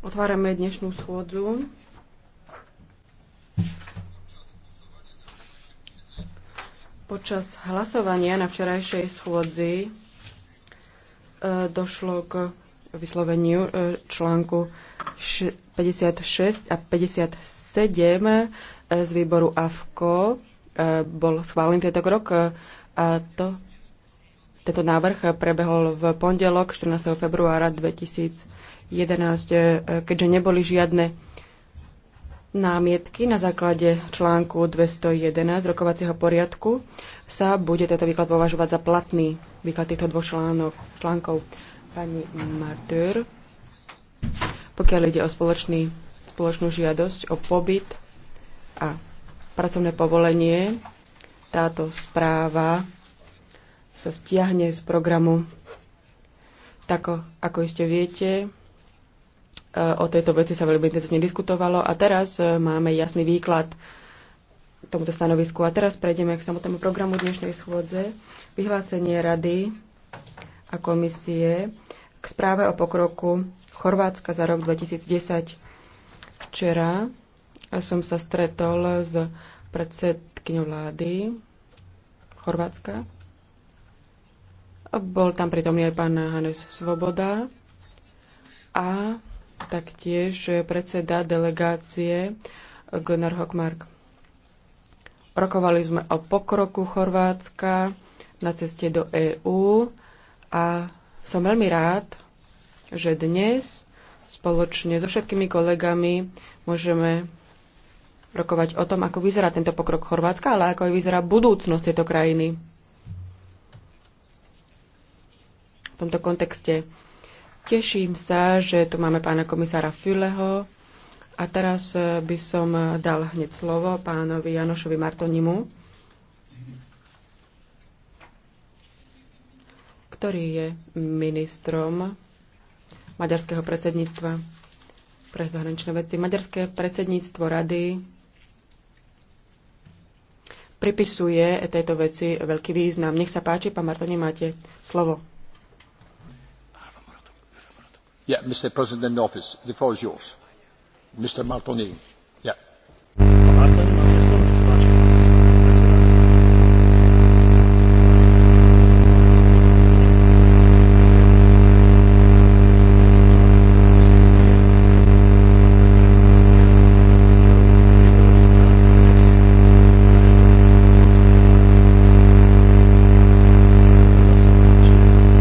Otvárame dnešnú schôdzu. Počas hlasovania na včerajšej schôdzi e, došlo k vysloveniu e, článku 56 a 57 e, z výboru AFKO. bol schválený tento krok a to tento návrh prebehol v pondelok 14. februára 2011, keďže neboli žiadne námietky na základe článku 211 rokovacieho poriadku sa bude tento výklad považovať za platný výklad týchto dvoch článok, článkov. Pani Martyr, pokiaľ ide o spoločný, spoločnú žiadosť o pobyt a pracovné povolenie, táto správa sa stiahne z programu. Tako, ako ste viete, e, o tejto veci sa veľmi intenzívne diskutovalo a teraz e, máme jasný výklad tomuto stanovisku. A teraz prejdeme k samotnému programu dnešnej schôdze. Vyhlásenie Rady a komisie k správe o pokroku Chorvátska za rok 2010. Včera som sa stretol s predsedkyňou vlády Chorvátska bol tam pritomný aj pán Hannes Svoboda a taktiež predseda delegácie Gunnar Hockmark. Rokovali sme o pokroku Chorvátska na ceste do EÚ a som veľmi rád, že dnes spoločne so všetkými kolegami môžeme rokovať o tom, ako vyzerá tento pokrok Chorvátska, ale ako aj vyzerá budúcnosť tejto krajiny. v tomto kontexte. Teším sa, že tu máme pána komisára Füleho a teraz e, by som e, dal hneď slovo pánovi Janošovi Martonimu, ktorý je ministrom maďarského predsedníctva pre zahraničné veci. Maďarské predsedníctvo rady pripisuje tejto veci veľký význam. Nech sa páči, pán Martoni, máte slovo. Mr. President in office, the floor is yours. Mr. Martoni.